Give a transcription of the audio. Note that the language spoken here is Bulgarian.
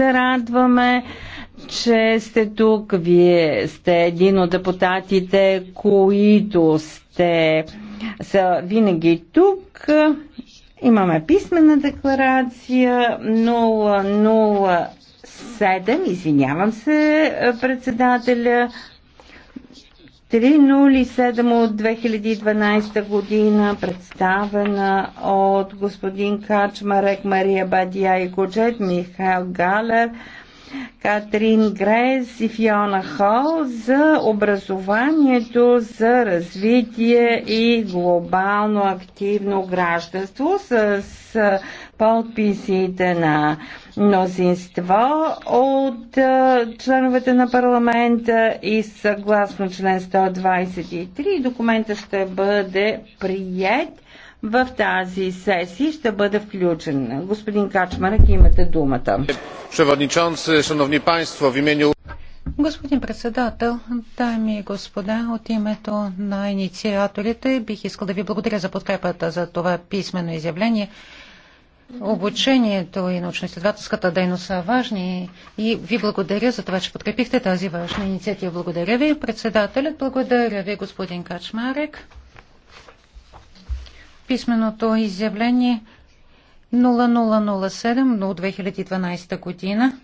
се радваме, че сте тук. Вие сте един от депутатите, които сте са винаги тук. Имаме писмена декларация 007, извинявам се, председателя. 307 от 2012 година, представена от господин Качмарек Мария Бадия и Годжет Михаил Галер Катрин Грес и Фиона Хол за образованието за развитие и глобално активно гражданство с подписите на мнозинство от членовете на парламента и съгласно член 123 документа ще бъде прият в тази сесия ще бъде включен. Господин Качмарек, имате думата. Господин председател, дами и господа, от името на инициаторите бих искал да ви благодаря за подкрепата за това писмено изявление. Обучението и научно-изследователската дейност са важни и ви благодаря за това, че подкрепихте тази важна инициатива. Благодаря ви, председателят. Благодаря ви, господин Качмарек писменото изявление 0007 от 2012 година.